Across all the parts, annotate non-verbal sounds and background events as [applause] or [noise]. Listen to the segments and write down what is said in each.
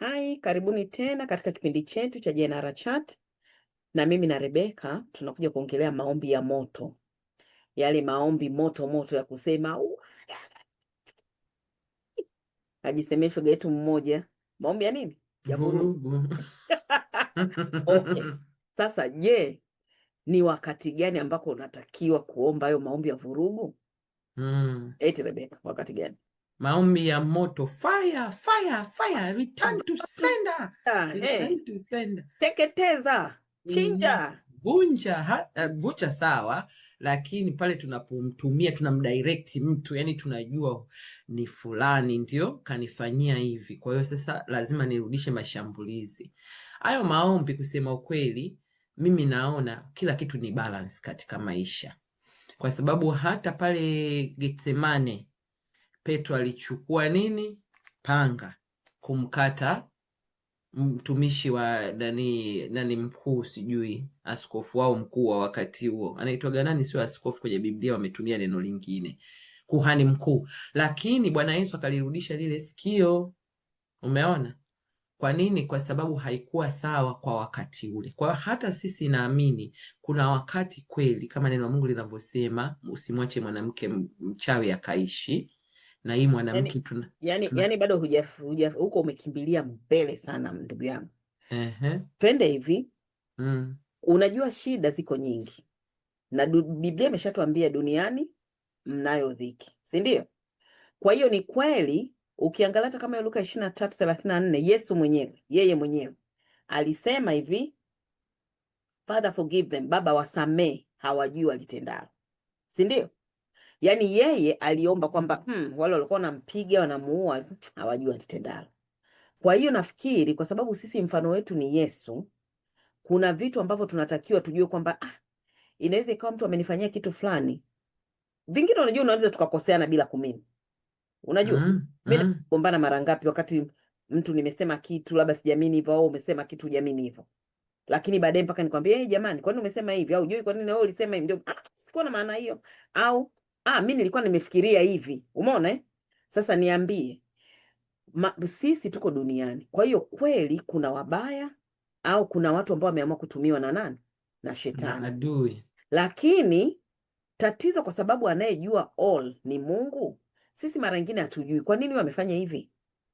Hai, karibuni tena katika kipindi chetu cha JNR Chat, na mimi na Rebeka tunakuja kuongelea maombi ya moto, yale maombi moto moto ya kusema uh, ajisemee yetu mmoja, maombi ya nini ya vurugu. [laughs] Okay. Sasa je, ni wakati gani ambako unatakiwa kuomba hayo maombi ya vurugu? Mm. Eti Rebeka, wakati gani? maombi ya moto fire, fire, fire, return to sender, eh, return to sender. Teketeza, mm, chinja, vunja, eh, vunja sawa, lakini pale tunapomtumia tunamdirect mtu, yani tunajua ni fulani ndio kanifanyia hivi, kwa hiyo sasa lazima nirudishe mashambulizi hayo. Maombi kusema ukweli, mimi naona kila kitu ni balance katika maisha, kwa sababu hata pale Getsemane Petro alichukua nini? Panga kumkata mtumishi wa nani nani mkuu, sijui askofu wao mkuu wa wakati huo anaitwa ganani sio askofu, kwenye Biblia wametumia neno lingine, kuhani mkuu. Lakini Bwana Yesu akalirudisha lile sikio. Umeona kwa nini? Kwa sababu haikuwa sawa kwa wakati ule. Kwa hata sisi naamini kuna wakati kweli, kama neno la Mungu linavyosema, usimwache mwanamke mchawi akaishi na hii mwanamke yaani, tuna yani, tuna... yani bado huko umekimbilia mbele sana ndugu yangu uh-huh. Twende hivi mm. Unajua shida ziko nyingi na du, Biblia imeshatuambia duniani mnayo dhiki, si ndio? Kwa hiyo ni kweli ukiangalia hata kama Luka ishirini na tatu thelathini na nne Yesu mwenyewe yeye mwenyewe alisema hivi Father forgive them, Baba wasamee hawajui walitendalo, si ndio? Yaani yeye aliomba kwamba hmm, wale walikuwa wanampiga wanamuua hawajua litendalo. Kwa hiyo nafikiri kwa sababu sisi mfano wetu ni Yesu, kuna vitu ambavyo tunatakiwa tujue kwamba ah, inaweza ikawa mtu amenifanyia kitu fulani. Vingine unajua, unaweza tukakoseana bila kumini. Unajua mm, mimi mm. nagombana mara ngapi wakati mtu nimesema kitu labda sijamini hivyo, au umesema kitu hujaamini hivyo, lakini baadaye mpaka nikwambia hey, eh, jamani, kwa nini umesema hivi? Au jui kwa nini wewe ulisema hivi? Ndio ah, sikuwa na maana hiyo, au ah, mi nilikuwa nimefikiria hivi. Umeona eh? Sasa niambie ma, sisi tuko duniani, kwa hiyo kweli kuna wabaya au kuna watu ambao wameamua kutumiwa na nani? Na shetani, adui. Lakini tatizo kwa sababu anayejua all ni Mungu, sisi mara nyingine hatujui kwa nini wamefanya hivi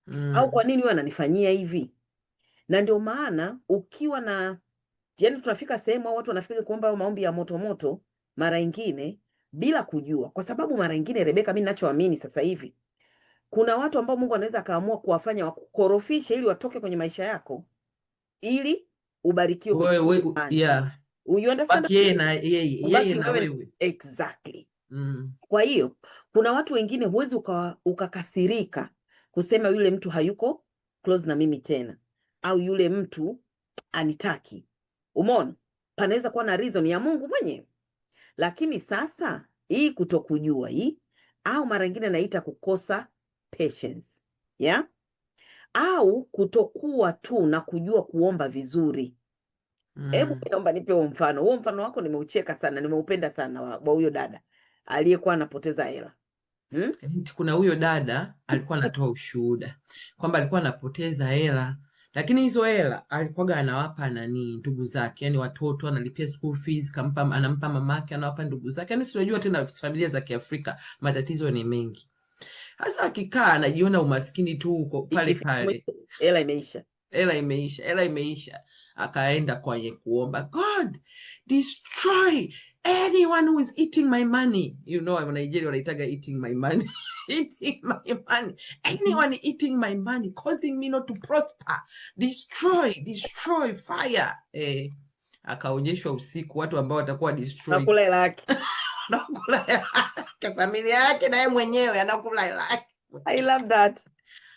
mm. au kwa nini wananifanyia hivi, na ndio maana ukiwa na yani tunafika sehemu au watu wanafika kuomba maombi ya moto moto, mara nyingine bila kujua, kwa sababu mara nyingine Rebeka, mimi ninachoamini sasa hivi kuna watu ambao Mungu anaweza akaamua kuwafanya wakukorofishe ili watoke kwenye maisha yako ili ubarikiwe wewe, wewe, yeah. You understand? Yeye na yeye, yeye na wewe. Exactly. Mm. Kwa hiyo kuna watu wengine huwezi ukakasirika uka kusema yule mtu hayuko close na mimi tena au yule mtu anitaki. Umeona? Panaweza kuwa na reason ya Mungu mwenyewe. Lakini sasa hii kutokujua hii au mara nyingine naita kukosa patience. Yeah? Au kutokuwa tu na kujua kuomba vizuri. Hebu mm. Naomba nipe huo mfano. Huo mfano wako nimeucheka sana, nimeupenda sana wa huyo dada aliyekuwa anapoteza hela. Hmm? Yaani kuna huyo dada alikuwa anatoa ushuhuda kwamba alikuwa anapoteza hela lakini hizo hela alikuwaga anawapa nani ndugu zake, yani watoto analipia school fees, kampa anampa mamake, anawapa ndugu zake. Yani sijajua tena, familia za Kiafrika matatizo ni mengi. hasa akikaa anajiona umaskini tu uko pale pale, hela imeisha hela imeisha, hela imeisha. Akaenda kwenye kuomba, God destroy anyone who is eating my money. You know, Nigeria wanaitaga eating my money [laughs] eating my money, anyone eating my money, causing me not to prosper, destroy destroy, fire. Eh, akaonyeshwa usiku watu ambao watakuwa destroy nakula hela yake [laughs] nakula hela familia yake naye mwenyewe anakula hela yake. I love that.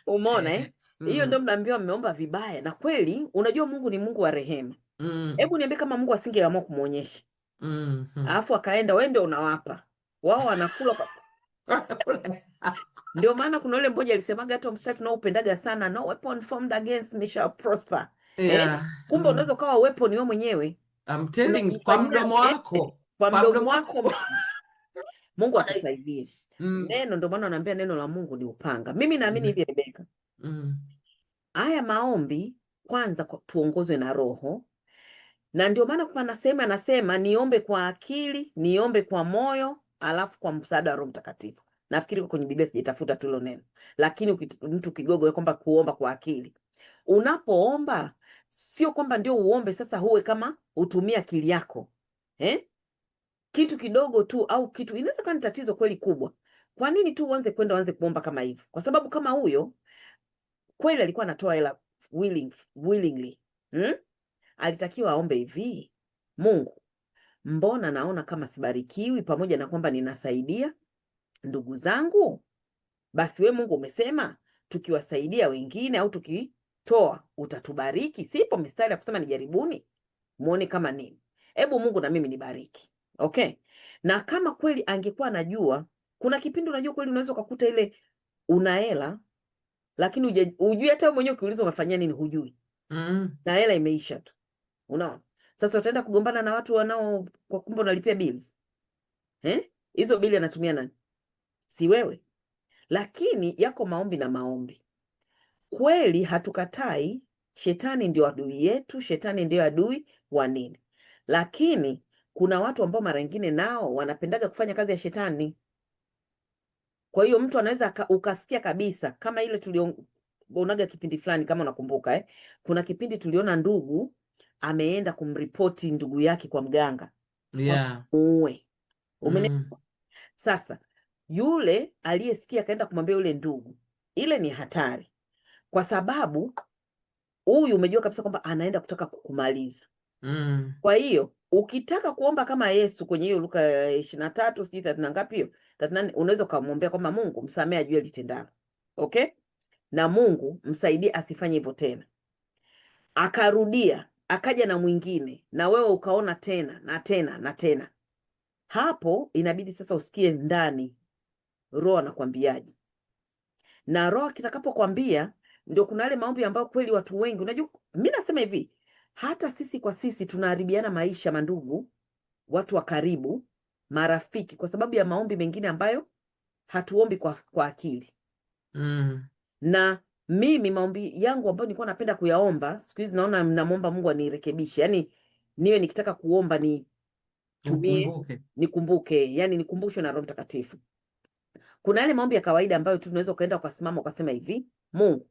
Umeona eh? Hiyo mm-hmm. ndio mnaambiwa mmeomba vibaya, na kweli unajua Mungu ni Mungu wa rehema. Mm. Hebu niambie kama Mungu asingeamua kumwonyesha mm-hmm. alafu akaenda, wewe ndio unawapa wao, wanakula kwa... Ndio maana kuna yule mmoja alisemaga hata mstari tunaopendaga sana, no weapon formed against me shall prosper. Eh, yeah. Eh, kumbe mm. unaweza ukawa weapon wewe mwenyewe. I'm telling kwa mdomo wako. Kwa mdomo wako. Mungu atusaidie. Mm. Neno ndio maana anaambia neno la Mungu ni upanga. Mimi naamini mm. hivi mm. Rebeka. Mm. Haya maombi kwanza kwa, tuongozwe na Roho na ndio maana kwa nasema nasema niombe kwa akili, niombe kwa moyo, alafu kwa msaada wa Roho Mtakatifu. Nafikiri kwenye Biblia sijatafuta tu hilo neno, lakini mtu kigogo kwamba kuomba kwa akili, unapoomba sio kwamba ndio uombe sasa huwe kama utumia akili yako eh? kitu kidogo tu au kitu inaweza kuwa ni tatizo kweli kubwa. Kwa nini tu uanze kwenda uanze kuomba kama hivyo? Kwa sababu kama huyo kweli alikuwa anatoa hela willing, willingly hmm? Alitakiwa aombe hivi, Mungu, mbona naona kama sibarikiwi, pamoja na kwamba ninasaidia ndugu zangu? Basi we Mungu umesema tukiwasaidia wengine au tukitoa utatubariki. Sipo mistari ya kusema nijaribuni muone kama nini. Hebu Mungu na mimi nibariki, okay. Na kama kweli angekuwa anajua, kuna kipindi unajua kweli unaweza ukakuta ile unaela lakini hujui hata mwenyewe ukiuliza unafanyia nini hujui mm. na hela imeisha tu unaona sasa utaenda kugombana na watu wanao kwa kumbe unalipia bills eh hizo bili anatumia nani si wewe lakini yako maombi na maombi kweli hatukatai shetani ndio adui yetu shetani ndio adui wa nini lakini kuna watu ambao mara nyingine nao wanapendaga kufanya kazi ya shetani kwa hiyo mtu anaweza ukasikia kabisa kama ile tulionaga kipindi fulani, kama unakumbuka eh? Kuna kipindi tuliona ndugu ameenda kumripoti ndugu yake kwa mganga yeah. Uwe umenielewa? mm. Sasa yule aliyesikia akaenda kumwambia yule ndugu, ile ni hatari, kwa sababu huyu umejua kabisa kwamba anaenda kutaka kukumaliza. mm. Kwa hiyo ukitaka kuomba kama Yesu kwenye hiyo Luka eh, ishirini na tatu sijui thelathini na ngapi hiyo That unaweza ukamwambia kwamba Mungu msamee ajue litendalo. Okay, na Mungu msaidie asifanye hivyo tena. Akarudia, akaja na mwingine, na wewe ukaona tena na tena na tena. Hapo inabidi sasa usikie ndani Roho anakwambiaje, na Roho kitakapokwambia ndio kuna yale maombi ambayo kweli watu wengi, unajua, mi nasema hivi, hata sisi kwa sisi tunaharibiana maisha, mandugu, watu wa karibu, marafiki kwa sababu ya maombi mengine ambayo hatuombi kwa, kwa akili mm. na mimi maombi yangu ambayo nilikuwa napenda kuyaomba siku hizi naona namwomba Mungu anirekebishe, yani niwe nikitaka kuomba nitumie nikumbuke, nikumbuke. Yani nikumbushwe na Roho Mtakatifu. Kuna yale maombi ya kawaida ambayo tu unaweza ukaenda ukasimama ukasema hivi, Mungu,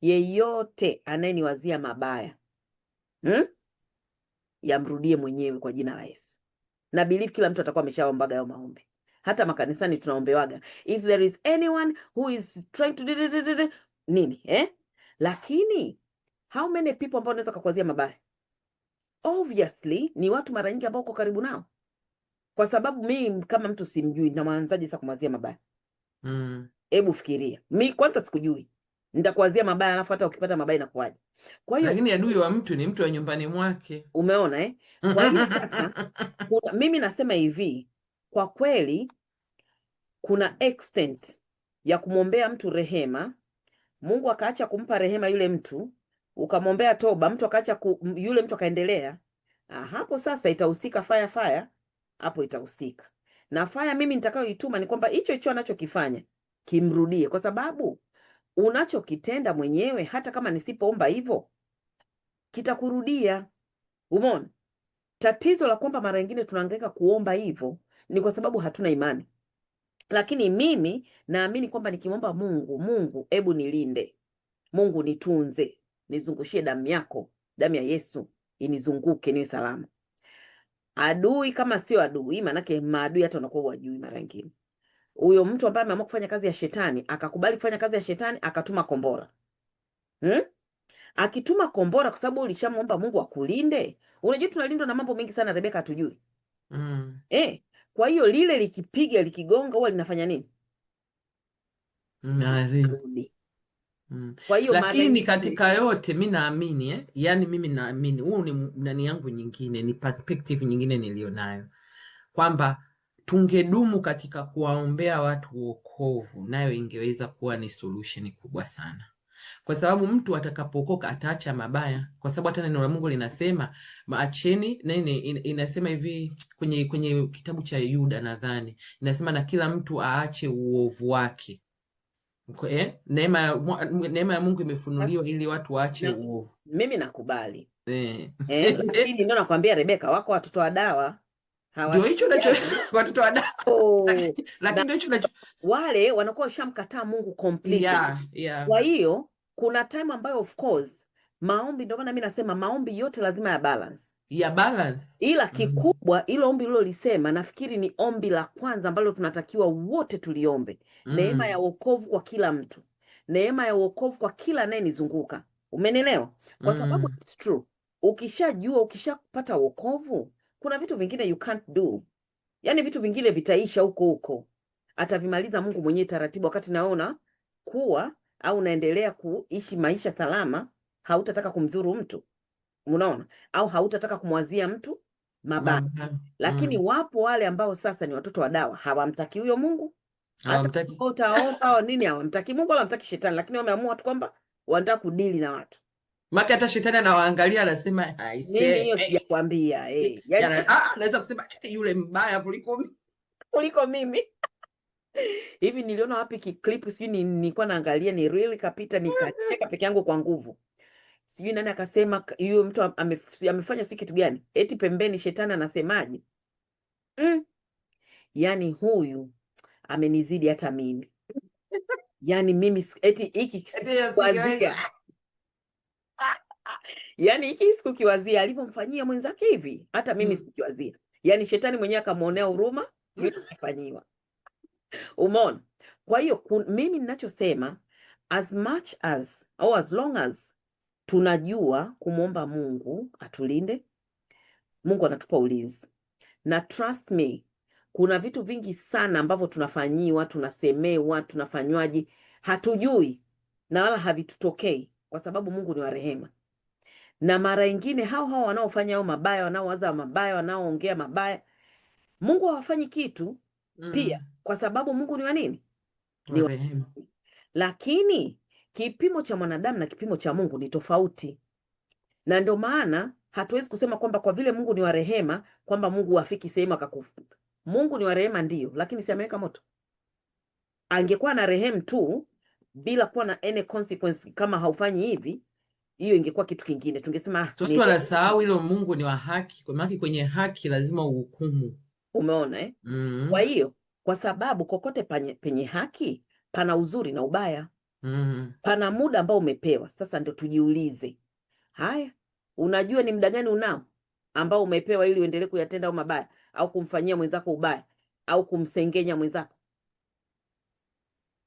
yeyote anayeniwazia mabaya hmm? yamrudie mwenyewe kwa jina la Yesu na believe kila mtu atakuwa ameshaombaga hayo maombi hata makanisani tunaombewaga if there is anyone who is trying to nini eh? Lakini how many people ambao unaweza kukwazia mabaya? Obviously ni watu mara nyingi ambao uko karibu nao, kwa sababu mi kama mtu simjui, namwanzaji sasa kumwazia mabaya? Mm. Hebu fikiria, mi kwanza sikujui nitakuwazia mabaya, alafu hata ukipata mabaya inakuwaje? Kwa hiyo lakini adui wa mtu ni mtu wa nyumbani mwake, umeona eh? Kwa hiyo sasa [laughs] kuna, mimi nasema hivi kwa kweli, kuna extent ya kumwombea mtu rehema, Mungu akaacha kumpa rehema yule mtu, ukamwombea toba, mtu akaacha ku, yule mtu akaendelea hapo, sasa itahusika fire fire, hapo itahusika na fire. Mimi nitakayoituma ni kwamba hicho hicho anachokifanya kimrudie, kwa sababu unachokitenda mwenyewe, hata kama nisipoomba hivyo kitakurudia. Umeona, tatizo la kwamba mara nyingine tunahangaika kuomba hivyo ni kwa sababu hatuna imani, lakini mimi naamini kwamba nikimwomba Mungu, Mungu ebu nilinde, Mungu nitunze, nizungushie damu yako, damu ya Yesu inizunguke, niwe salama. Adui kama sio adui, maanake maadui hata unakuwa wajui mara nyingine huyo mtu ambaye ameamua kufanya kazi ya shetani akakubali kufanya kazi ya shetani akatuma kombora hmm? Akituma kombora kwa sababu ulishamwomba Mungu akulinde. Unajua tunalindwa na mambo mengi sana, Rebeka, hatujui mm. Eh, kwa hiyo lile likipiga likigonga huwa linafanya nini? Narudi. Mm. Kwa hiyo lakini katika yote mi naamini eh? Yaani mimi naamini huu ni nani yangu nyingine, ni perspective nyingine niliyonayo kwamba tungedumu katika kuwaombea watu uokovu, nayo ingeweza kuwa ni solution kubwa sana, kwa sababu mtu atakapokoka ataacha mabaya, kwa sababu hata neno la Mungu linasema maacheni nini, inasema hivi kwenye kwenye kitabu cha Yuda nadhani inasema, na kila mtu aache uovu wake. Okay. Eh, neema ya Mungu imefunuliwa ili watu waache uovu. Mimi nakubali eh. Eh, lakini ndio nakwambia Rebeka, wako watoto wa dawa ndio hicho nacho [laughs] watoto wa oh. lakini ndio hicho nacho wale wanakuwa washamkataa Mungu completely. Yeah, yeah. Kwa hiyo kuna time ambayo of course maombi, ndio maana mimi nasema maombi yote lazima ya balance ya balance, ila mm. kikubwa mm. Ilo ombi lilolisema nafikiri ni ombi la kwanza ambalo tunatakiwa wote tuliombe mm. Neema ya wokovu kwa kila mtu, neema ya wokovu kwa kila anayenizunguka, umenelewa? Kwa mm. sababu mm. it's true, ukishajua ukishapata wokovu kuna vitu vingine you can't do, yaani vitu vingine vitaisha huko huko, atavimaliza Mungu mwenyewe taratibu. Wakati naona kuwa au naendelea kuishi maisha salama, hautataka kumdhuru mtu, unaona, au hautataka kumwazia mtu mabaya mm -hmm. Lakini mm -hmm. wapo wale ambao sasa ni watoto wa dawa, hawamtaki huyo Mungu, hata utaomba nini, hawamtaki Mungu wala hawamtaki shetani, lakini wameamua tu kwamba wanataka kudili na watu Maka hata shetani anawaangalia anasema aisee, eh, sijakwambia. Eh, eh anaweza yaani ah, ah, kusema yule mbaya kuliko kuliko mimi [laughs] hivi. Niliona wapi kiclip, sijui nilikuwa naangalia, ni real kapita, nikacheka peke yangu kwa nguvu. Sijui nani akasema huyo mtu amefanya si kitu gani, eti pembeni shetani anasemaje? Mm. Yaani huyu amenizidi hata mimi, yaani mimi eti hiki yani hiki sikukiwazia alivyomfanyia mwenzake hivi, hata mimi mm. sikukiwazia. yani shetani mwenyewe akamwonea huruma yule mm. amefanyiwa. Umeona? Kwa hiyo mimi ninachosema as much as au as long as tunajua kumwomba Mungu atulinde, Mungu anatupa ulinzi. Na trust me, kuna vitu vingi sana ambavyo tunafanyiwa, tunasemewa, tunafanywaji hatujui na wala havitutokei, kwa sababu Mungu ni wa rehema na mara nyingine hao hao wanaofanya hao mabaya, wanaowaza mabaya, wanaoongea mabaya, Mungu hawafanyi kitu mm. Pia kwa sababu Mungu ni wa nini? Ni wa rehema. Lakini kipimo cha mwanadamu na kipimo cha Mungu ni tofauti, na ndio maana hatuwezi kusema kwamba kwa vile Mungu ni wa rehema kwamba Mungu hafiki sehemu akakufa. Mungu ni wa rehema ndio, lakini si ameweka moto. Angekuwa na rehemu tu bila kuwa na any consequence, kama haufanyi hivi hiyo ingekuwa kitu kingine, tungesema ah, watu wanasahau hilo. Mungu ni wa haki, kwa maana kwenye haki lazima uhukumu. Umeona eh? mm -hmm. Kwa hiyo kwa sababu kokote penye, penye haki pana uzuri na ubaya. mm -hmm. Pana muda ambao umepewa. Sasa ndio tujiulize, haya, unajua ni muda gani unao ambao umepewa ili uendelee kuyatenda au mabaya au kumfanyia mwenzako ubaya au kumsengenya mwenzako?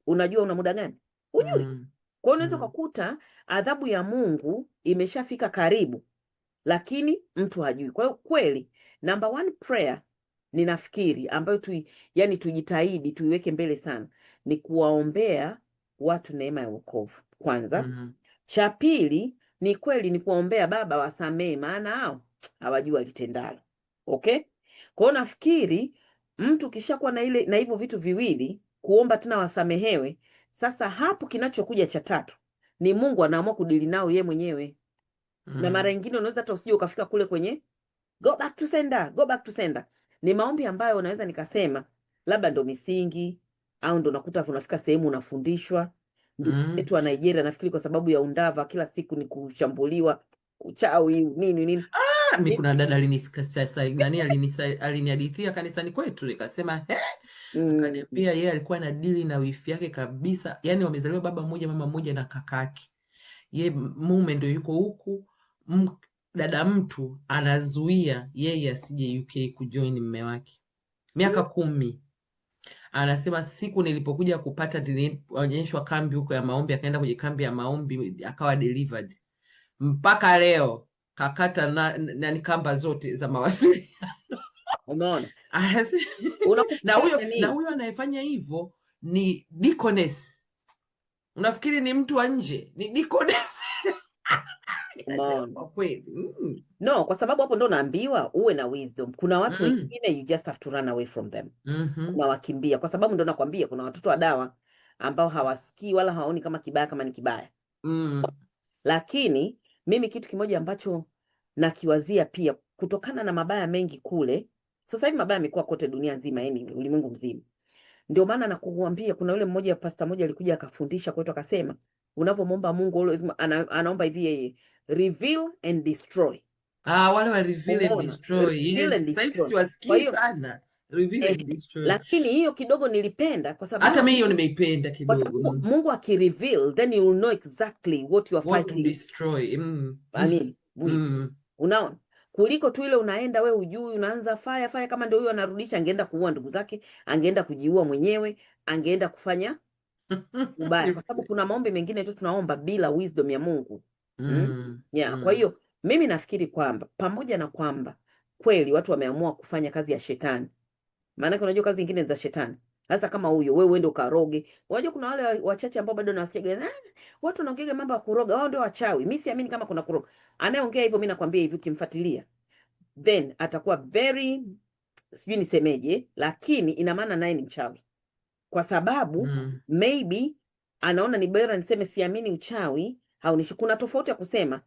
Unajua una muda gani? Hujui. mm -hmm. Kwa hiyo unaweza mm. ukakuta adhabu ya Mungu imeshafika karibu, lakini mtu hajui. Kwa hiyo kweli, number one prayer ninafikiri ambayo tu, yani tujitahidi tuiweke mbele sana ni kuwaombea watu neema ya wokovu kwanza. mm -hmm. Cha pili ni kweli ni kuwaombea Baba wasamehe, maana hao hawajui walitendalo. Okay, kwa hiyo nafikiri mtu kishakuwa na ile na hivyo vitu viwili, kuomba tena wasamehewe sasa hapo kinachokuja cha tatu ni Mungu anaamua kudili nao ye mwenyewe mm. na mara nyingine unaweza hata usije ukafika kule kwenye go back to sender, go back to sender. Ni maombi ambayo unaweza nikasema labda ndo misingi au ndo nakuta unafika sehemu unafundishwa mm. wetu mm. wa Nigeria nafikiri kwa sababu ya Undava kila siku ni kushambuliwa uchawi nini nini. Ah, mimi kuna dada alinisikia nani alinisa alinihadithia kanisani kwetu nikasema eh Mm. Akaniambia yeye alikuwa dili na wifi yake kabisa, yani wamezaliwa baba mmoja mama mmoja na kakake. Ye mume ndio yuko huku, dada mtu anazuia yeye asije UK kujoin mme wake miaka kumi. Anasema siku nilipokuja kupata, onyeshwa kambi huko ya maombi, akaenda kwenye kambi ya maombi akawa delivered. Mpaka leo kakata na, na, na kamba zote za mawasiliano Umeona? [laughs] na huyo na huyo anayefanya hivyo ni deaconess. Unafikiri ni mtu wa nje? Ni deaconess. [laughs] Yaani mm. No, kwa sababu hapo ndo naambiwa uwe na wisdom. Kuna watu mm. wengine you just have to run away from them. Mm -hmm. Unawakimbia kwa sababu ndo nakwambia kuna watoto wa dawa ambao hawasikii wala hawaoni kama kibaya kama ni kibaya. Mm. Lakini mimi kitu kimoja ambacho nakiwazia pia kutokana na mabaya mengi kule sasa hivi mabaya yamekuwa kote dunia nzima, yani ulimwengu mzima. Ndio maana nakuambia kuna yule mmoja pasta mmoja alikuja akafundisha kwetu akasema, unavyomwomba Mungu lazima ana, anaomba hivi yeye reveal and destroy. Ah, wale wa reveal and destroy. Yes, sasa siwasikii sana. Reveal and eh, destroy. Lakini hiyo kidogo nilipenda kwa sababu hata mimi hiyo nimeipenda kidogo. Mungu akireveal then you will know exactly what you are fighting. What to destroy. Mm. Yaani, mm. unaona? kuliko tu ile unaenda we ujui, unaanza faya faya. Kama ndio huyo anarudisha, angeenda kuua ndugu zake, angeenda kujiua mwenyewe, angeenda kufanya [laughs] ubaya, kwa sababu kuna maombi mengine tu tunaomba bila wisdom ya Mungu hmm? mm. Yeah, Kwa mm. hiyo mimi nafikiri kwamba pamoja na kwamba kweli watu wameamua kufanya kazi ya shetani, maanake unajua kazi nyingine za shetani sasa kama huyo wewe uende ukaroge. Unajua kuna wale wachache ambao bado ah, watu wanaongea mambo ya kuroga, wao ndio wachawi. Mimi siamini kama kuna kuroga. Anayeongea hivyo mimi nakwambia hivi ukimfuatilia then atakuwa very sijui nisemeje, lakini ina maana naye ni mchawi kwa sababu mm. maybe anaona ni bora niseme siamini uchawi au ni kuna tofauti ya kusema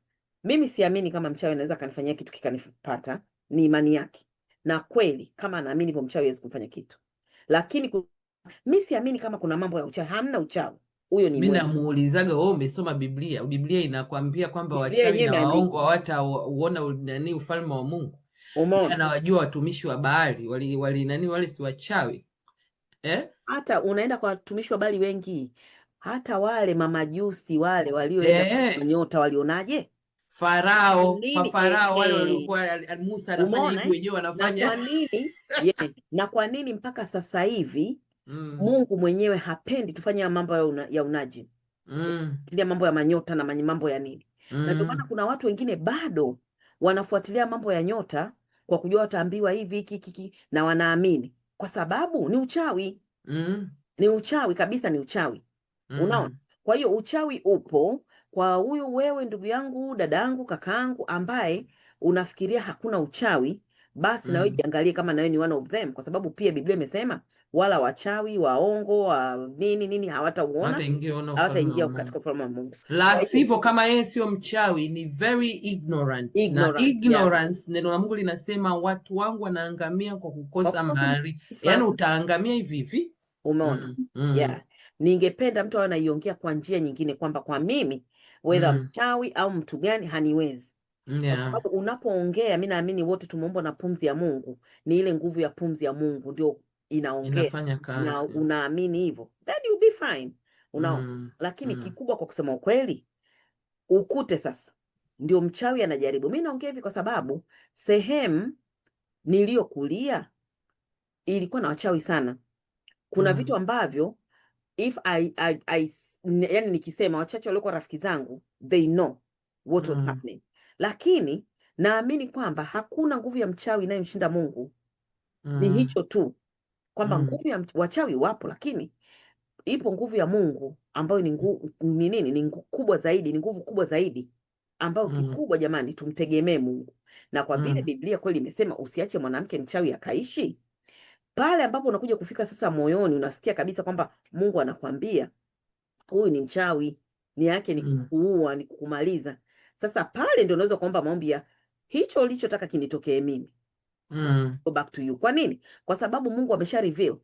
mimi siamini kama mchawi anaweza kanifanyia kitu kikanipata, ni imani yake. Na kweli kama anaamini hivyo mchawi hawezi kumfanya kitu lakini ku... mi siamini kama kuna mambo ya uchawi, hamna uchawi huyo ni mimi namuulizaga, wewe umesoma Biblia? Biblia inakwambia kwamba wachawi na waongo uona nani ufalme wa Mungu. Umeona, anawajua watumishi wa Baali wali, wali nani wale si wachawi eh? Hata unaenda kwa watumishi wa Baali wengi, hata wale mamajusi wale walioenda eh, nyota walionaje? Farao kwa Farao wale eh, eh. walikuwa Musa anafanya hivi eh? wenyewe wanafanya na kwa nini, [laughs] na kwa nini mpaka sasa hivi mm. Mungu mwenyewe hapendi tufanye mambo ya, una, ya unaji mm. mambo ya manyota na mambo ya nini mm. na ndio mm. maana kuna watu wengine bado wanafuatilia mambo ya nyota kwa kujua wataambiwa hivi hiki hiki na wanaamini kwa sababu ni uchawi mm. ni uchawi kabisa, ni uchawi mm. unaona. Kwa hiyo uchawi upo kwa huyu wewe ndugu yangu, dadangu, kakaangu ambaye unafikiria hakuna uchawi, basi mm. Mm-hmm. nawe jiangalie kama nawe ni one of them, kwa sababu pia Biblia imesema wala wachawi waongo wa nini nini hawatauona katika ufalme wa Mungu, la sivyo kama yeye sio mchawi ni very ignorant. Ignorant, na ignorance yeah. Neno la Mungu linasema watu wangu wanaangamia kwa kukosa maarifa, yaani utaangamia hivi hivi, umeona mm. yeah. Ningependa mtu awe anaiongea kwa njia nyingine kwamba kwa mimi whether mm. mchawi au mtu gani haniwezi yeah. sababu unapoongea, mi naamini wote tumeumbwa na pumzi ya Mungu, ni ile nguvu ya pumzi ya Mungu ndio inaongea, na unaamini hivyo, then you be fine una mm. Lakini mm. kikubwa kwa kusema ukweli, ukute sasa ndio mchawi anajaribu. Mi naongea hivi kwa sababu sehemu niliyokulia ilikuwa na wachawi sana. Kuna mm. vitu ambavyo if I, I, I yani nikisema wachache waliokuwa rafiki zangu they know what was mm. happening, lakini naamini kwamba hakuna nguvu ya mchawi inayemshinda Mungu mm. ni hicho tu kwamba mm. nguvu ya wachawi wapo, lakini ipo nguvu ya Mungu ambayo ni nguvu ni nini? Ni nguvu kubwa zaidi, ni nguvu kubwa zaidi ambayo mm. kikubwa jamani, tumtegemee Mungu. Na kwa vile mm. Biblia kweli imesema usiache mwanamke mchawi akaishi, pale ambapo unakuja kufika sasa moyoni, unasikia kabisa kwamba Mungu anakwambia huyu ni mchawi, ni yake ni mm. kukuua, ni kukumaliza. Sasa pale ndio unaweza kuomba maombi ya hicho ulichotaka kinitokee mimi. Mm. Go back to you. Kwa nini? Kwa sababu Mungu amesha reveal.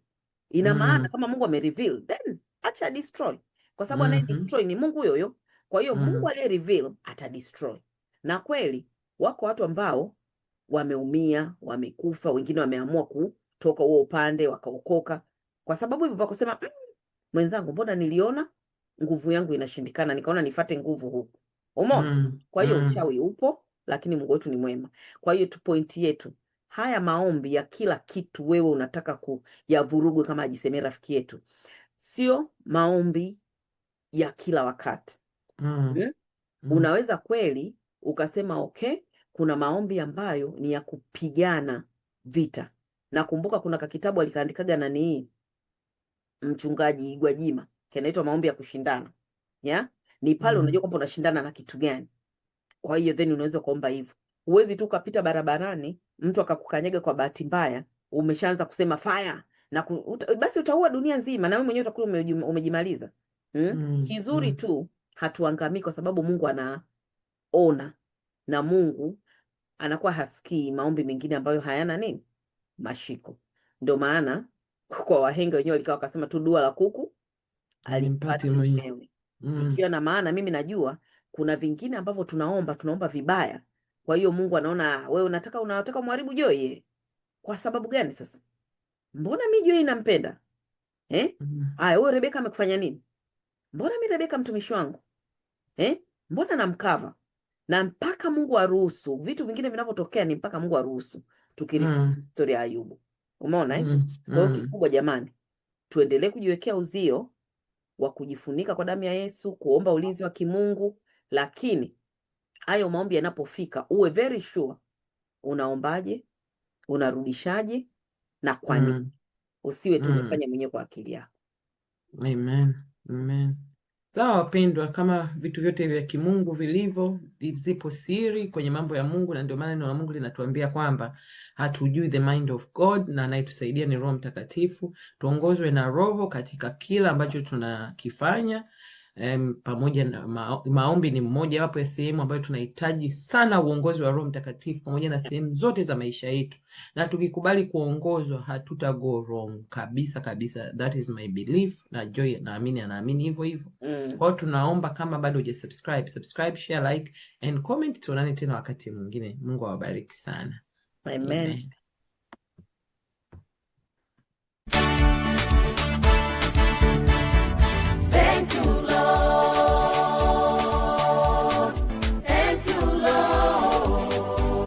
Ina maana mm. kama Mungu ame reveal, then acha destroy. Kwa sababu mm -hmm. anaye mm-hmm. destroy ni Mungu huyo Kwa hiyo mm. Mungu aliye reveal ata destroy. Na kweli wako watu ambao wameumia, wamekufa, wengine wameamua kutoka huo upande wakaokoka. Kwa sababu hivyo wakosema, mmm, mwenzangu mbona niliona nguvu yangu inashindikana, nikaona nifate nguvu huku. Umeona? Mm, kwa hiyo mm. Uchawi upo, lakini Mungu wetu ni mwema. Kwa hiyo tu pointi yetu, haya maombi ya kila kitu wewe unataka kuyavurugu, kama ajisemee rafiki yetu, sio maombi ya kila wakati mm. Mm? Mm. Unaweza kweli ukasema okay, kuna maombi ambayo ni ya kupigana vita. Nakumbuka kuna kakitabu alikaandikaga nani mchungaji Gwajima kinaitwa maombi ya kushindana yeah? Ni pale mm -hmm. Unajua kwamba unashindana na kitu gani, kwa hiyo then unaweza kuomba hivyo. Huwezi tu ukapita barabarani mtu akakukanyaga kwa bahati mbaya, umeshaanza kusema faya na ku, uta, basi utaua dunia nzima na wewe mwenyewe utakuwa umejimaliza hmm? mm kizuri mm. tu hatuangamii kwa sababu Mungu anaona na Mungu anakuwa hasikii maombi mengine ambayo hayana nini mashiko. Ndio maana kwa wahenga wenyewe walikuwa wakasema tu dua la kuku alimpati mwenyewe mm. Ikiwa na maana mimi najua kuna vingine ambavyo tunaomba tunaomba vibaya, kwa hiyo Mungu anaona wewe unataka unataka mharibu Joy kwa sababu gani? Sasa mbona mi Joy nampenda eh? mm. Aya, wewe Rebeka amekufanya nini? Mbona mi Rebeka mtumishi wangu eh? Mbona namkava na mpaka Mungu aruhusu vitu vingine vinavyotokea, ni mpaka Mungu aruhusu tukirifa mm. historia mm. ya Ayubu. Umeona eh? mm. mm. hiyo kikubwa, jamani, tuendelee kujiwekea uzio wa kujifunika kwa damu ya Yesu, kuomba ulinzi wa kimungu. Lakini hayo maombi yanapofika, uwe very sure unaombaje, unarudishaje na kwa nini. Mm. Usiwe tu mm. umefanya mm. mwenyewe kwa akili yako. Amen. Amen. Sawa wapendwa, kama vitu vyote vya kimungu vilivyo, zipo siri kwenye mambo ya Mungu, na ndio maana neno la Mungu linatuambia kwamba hatujui the mind of God, na anayetusaidia ni Roho Mtakatifu. Tuongozwe na Roho katika kila ambacho tunakifanya um, pamoja na ma, maombi ni mmoja wapo ya sehemu ambayo tunahitaji sana uongozi wa Roho Mtakatifu pamoja na sehemu zote za maisha yetu, na tukikubali kuongozwa hatuta go wrong kabisa kabisa. That is my belief, na Joy naamini anaamini hivyo hivyo mm. Kwao tunaomba kama bado uja subscribe, subscribe, share, like and comment. Tuonane tena wakati mwingine. Mungu awabariki sana. Amen. Amen.